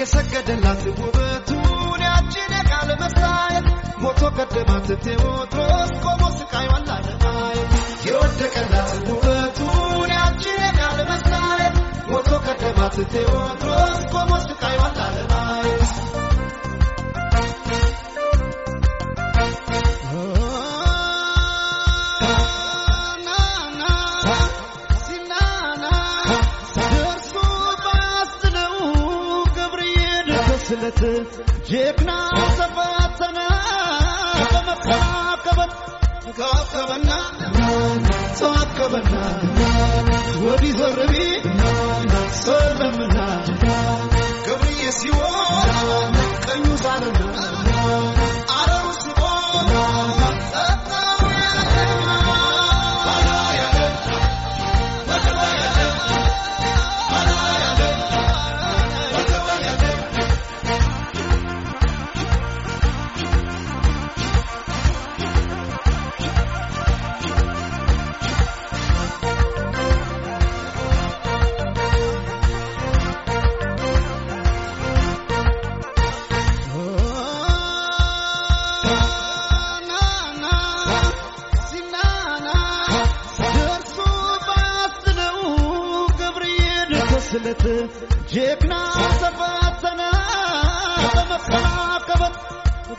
የሰገደላት ውበቱን ያችን የቃለ መሳየት ሞቶ ቀደማት ቴዎድሮስ ቆሞ ስቃይዋን ላለማየት የወደቀላት ውበቱን ያችን የቃለ መሳየት ሞቶ ገደማት ቴዎድሮስ ቆሞ ሂደት ጀግና ተፈተነ በመካከበን ተካከበና ተዋከበና ወዲህ ዘር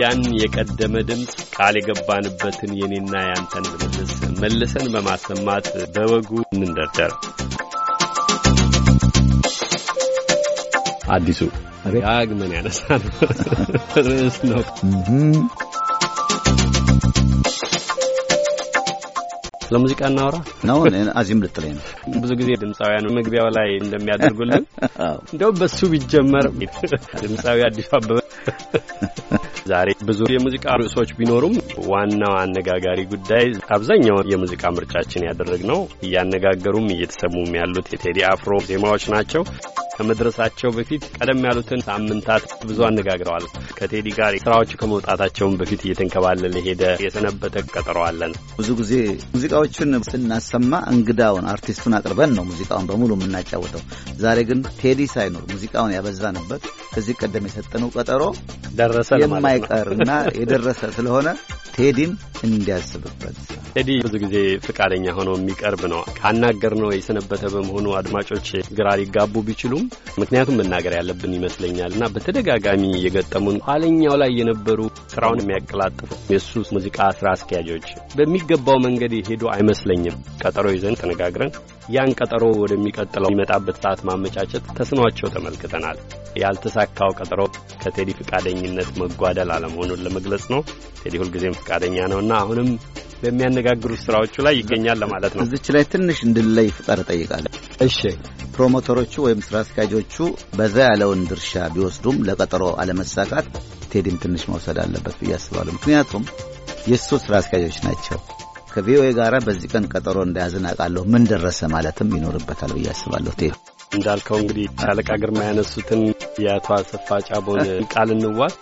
ያን የቀደመ ድምፅ ቃል የገባንበትን የኔና ያንተን ምልልስ መልሰን በማሰማት በወጉ እንደርደር። አዲሱ ዳግመን ያነሳ ነው ርዕስ ነው። ስለ ሙዚቃ እናውራ ነው። አዚም ልትለኝ ነው። ብዙ ጊዜ ድምፃውያን መግቢያው ላይ እንደሚያደርጉልን እንደው በሱ ቢጀመር ድምፃዊ አዲሱ አበበ ዛሬ ብዙ የሙዚቃ ርዕሶች ቢኖሩም ዋናው አነጋጋሪ ጉዳይ አብዛኛውን የሙዚቃ ምርጫችን ያደረግነው እያነጋገሩም እየተሰሙም ያሉት የቴዲ አፍሮ ዜማዎች ናቸው። ከመድረሳቸው በፊት ቀደም ያሉትን ሳምንታት ብዙ አነጋግረዋል። ከቴዲ ጋር ስራዎቹ ከመውጣታቸውን በፊት እየተንከባለለ ሄደ የሰነበተ ቀጠሮ አለን። ብዙ ጊዜ ሙዚቃዎቹን ስናሰማ እንግዳውን አርቲስቱን አቅርበን ነው ሙዚቃውን በሙሉ የምናጫወተው። ዛሬ ግን ቴዲ ሳይኖር ሙዚቃውን ያበዛንበት ከዚህ ቀደም የሰጠነው ቀጠሮ ደረሰ የማይቀር እና የደረሰ ስለሆነ ቴዲን እንዲያስብበት ኤዲ ብዙ ጊዜ ፈቃደኛ ሆኖ የሚቀርብ ነው። ካናገር ነው የሰነበተ በመሆኑ አድማጮች ግራ ሊጋቡ ቢችሉም ምክንያቱም መናገር ያለብን ይመስለኛል እና በተደጋጋሚ የገጠሙን ኋለኛው ላይ የነበሩ ስራውን የሚያቀላጥፉ የሱ ሙዚቃ ስራ አስኪያጆች በሚገባው መንገድ ሄዱ አይመስለኝም። ቀጠሮ ይዘን ተነጋግረን ያን ቀጠሮ ወደሚቀጥለው የሚመጣበት ሰዓት ማመቻቸት ተስኗቸው ተመልክተናል። ያልተሳካው ቀጠሮ ከቴዲ ፈቃደኝነት መጓደል አለመሆኑን ለመግለጽ ነው። ቴዲ ሁልጊዜም ፈቃደኛ ነውና አሁንም በሚያነጋግሩት ስራዎቹ ላይ ይገኛል ለማለት ነው። እዚች ላይ ትንሽ እንድለይ ፍጠር እጠይቃለሁ። እሺ ፕሮሞተሮቹ ወይም ስራ አስኪያጆቹ በዛ ያለውን ድርሻ ቢወስዱም ለቀጠሮ አለመሳካት ቴዲም ትንሽ መውሰድ አለበት ብዬ አስባለሁ። ምክንያቱም የእሱ ስራ አስኪያጆች ናቸው። ከቪኦኤ ጋር በዚህ ቀን ቀጠሮ እንዳያዝን አውቃለሁ ምን ደረሰ ማለትም ይኖርበታል ብዬ አስባለሁ። ቴዲ እንዳልከው እንግዲህ ሻለቃ ግርማ ያነሱትን የአቶ አሰፋ ጫቦን ቃል እንዋል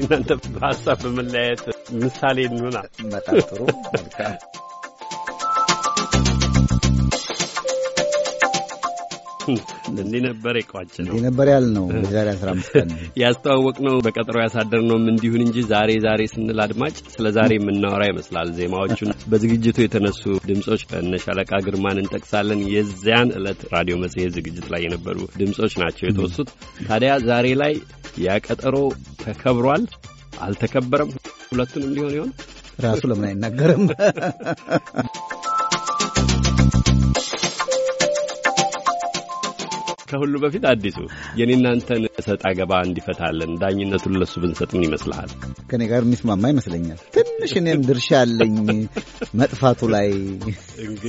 እናንተ በሀሳብ በመለያየት ምሳሌ እንሆና መጣጥሩ እንዲህ ነበር የቋጭ ነው እንዲህ ነበር ነው ዛሬ አስራ አምስት ቀን ያስተዋወቅ ነው በቀጠሮ ያሳደር ነው እንዲሁን እንጂ ዛሬ ዛሬ ስንል አድማጭ ስለ ዛሬ የምናወራ ይመስላል። ዜማዎቹን በዝግጅቱ የተነሱ ድምጾች እነ ሻለቃ ግርማን እንጠቅሳለን። የዚያን ዕለት ራዲዮ መጽሔት ዝግጅት ላይ የነበሩ ድምጾች ናቸው የተወሱት። ታዲያ ዛሬ ላይ ያ ቀጠሮ ተከብሯል አልተከበረም? ሁለቱንም ሊሆን ይሆን ራሱ ለምን አይናገርም? ከሁሉ በፊት አዲሱ የኔ እናንተን እሰጥ አገባ እንዲፈታለን ዳኝነቱን ለሱ ብንሰጥ ምን ይመስልሃል? ከኔ ጋር የሚስማማ ይመስለኛል። ትንሽ እኔም ድርሻ አለኝ መጥፋቱ ላይ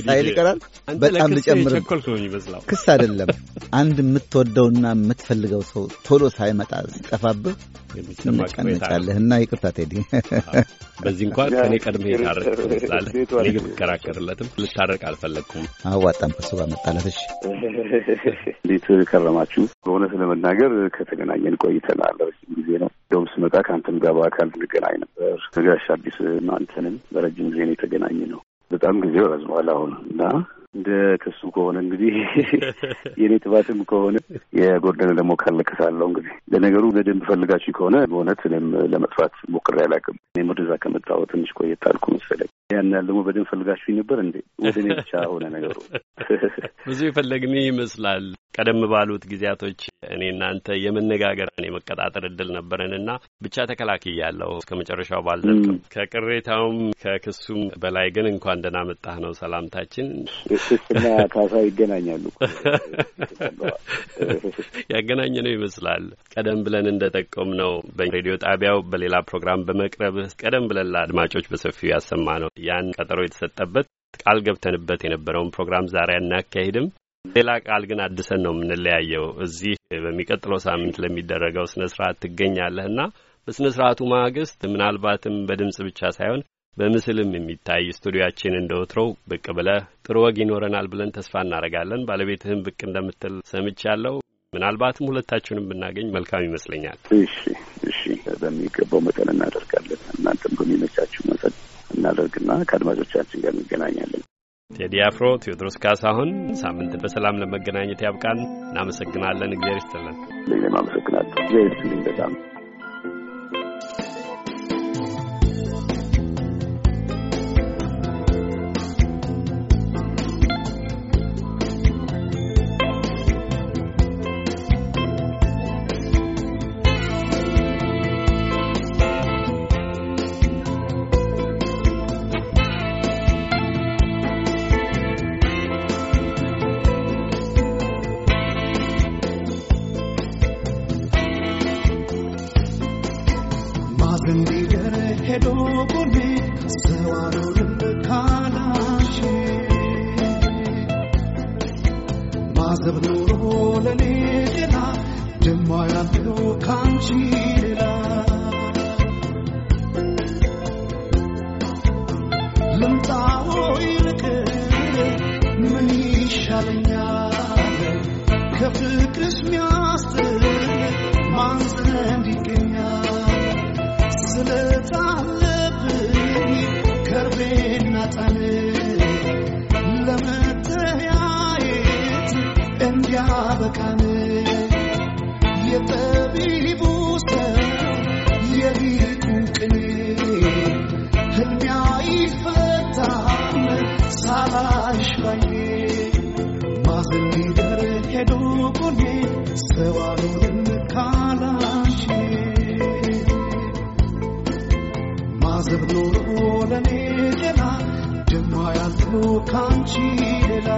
ሳይል ይቀራል። በጣም ልጨምር ክስ አይደለም። አንድ የምትወደውና የምትፈልገው ሰው ቶሎ ሳይመጣ ሲጠፋብህ ትንቀነጫለህ እና ይቅርታ ቴዲ፣ በዚህ እንኳን ከኔ ቀድመህ የታረቅ ትመስላለህ። እኔ ግን ልታረቅ አልፈለግኩም። አዋጣም ከሱ ጋር መጣላት። እሺ እንዴት ከረማችሁ? በእውነት ለመናገር ከተገናኘን ቆይተናል። ረጅም ጊዜ ነው። እንደውም ስመጣ ከአንተም ጋር በአካል እንገናኝ ነበር። ጋሽ አዲስ አንተንም በረጅም ጊዜ ነው የተገናኘ ነው። በጣም ጊዜው ረዝሟል አሁን እና እንደ ክሱ ከሆነ እንግዲህ የእኔ ጥባትም ከሆነ የጎደለ ደግሞ ካለከሳለው እንግዲህ ለነገሩ በደንብ ፈልጋችሁ ከሆነ በእውነት እኔም ለመጥፋት ሞክሬ አላውቅም። እኔም ወደዛ ከመጣሁ ትንሽ ቆየት አልኩ መሰለኝ። ያን ያህል ደግሞ በደንብ ፈልጋችሁኝ ነበር እንዴ? ወደ እኔ ብቻ ሆነ ነገሩ። ብዙ የፈለግን ይመስላል። ቀደም ባሉት ጊዜያቶች እኔ እናንተ የመነጋገርን የመቀጣጠር እድል ነበረንና ብቻ ተከላክያለሁ። እስከ መጨረሻው ባልዘልቅም ከቅሬታውም ከክሱም በላይ ግን እንኳን ደህና መጣህ ነው ሰላምታችን። ክስና ካሳ ይገናኛሉ። ያገናኘ ነው ይመስላል። ቀደም ብለን ጠቆም ነው በሬዲዮ ጣቢያው በሌላ ፕሮግራም በመቅረብህ ቀደም ብለን ለአድማጮች በሰፊው ያሰማ ነው ያን ቀጠሮ የተሰጠበት ቃል ገብተንበት የነበረውን ፕሮግራም ዛሬ አናካሂድም። ሌላ ቃል ግን አድሰን ነው የምንለያየው። እዚህ በሚቀጥለው ሳምንት ለሚደረገው ስነ ስርዓት ትገኛለህና በስነ ስርዓቱ ማግስት ምናልባትም በድምጽ ብቻ ሳይሆን በምስልም የሚታይ ስቱዲያችን እንደ ብቅ ብለህ ጥሩ ወግ ይኖረናል ብለን ተስፋ እናደርጋለን። ባለቤትህም ብቅ እንደምትል ሰምቻለሁ። ምናልባትም ሁለታችሁንም ብናገኝ መልካም ይመስለኛል። እሺ፣ እሺ፣ በሚገባው መጠን እናደርጋለን። እናንተ እናደርግና ከአድማጮቻችን ጋር እንገናኛለን። ቴዲ አፍሮ፣ ቴዎድሮስ ካሳሁን ሳምንት በሰላም ለመገናኘት ያብቃን። እናመሰግናለን። እግዚአብሔር ይስጥልን። አመሰግናለሁ። እግዚአብሔር ይስጥልኝ በጣም ገንዘብ ኖሮ ለኔ ጤና ደማ ያለው ካንቺ ሌላ ልምጣዎ ይልቅል ምን ይሻለኛል ከፍቅርሽ ሚያስጥል ማን ዘንድ ይገኛል ስለታለብኝ ከርቤና ጣኔ አበቃን የጠቢቡ ሰው የሊቁ ቅኔ ህልሜ አይፈታም ሳላሽ ባይኔ ማዘን ሊደር ሄዶ ጎኔ ሰው አልሆንም ኖሮ ለኔ ገና ደማ ያልኩ ካንቺ ሌላ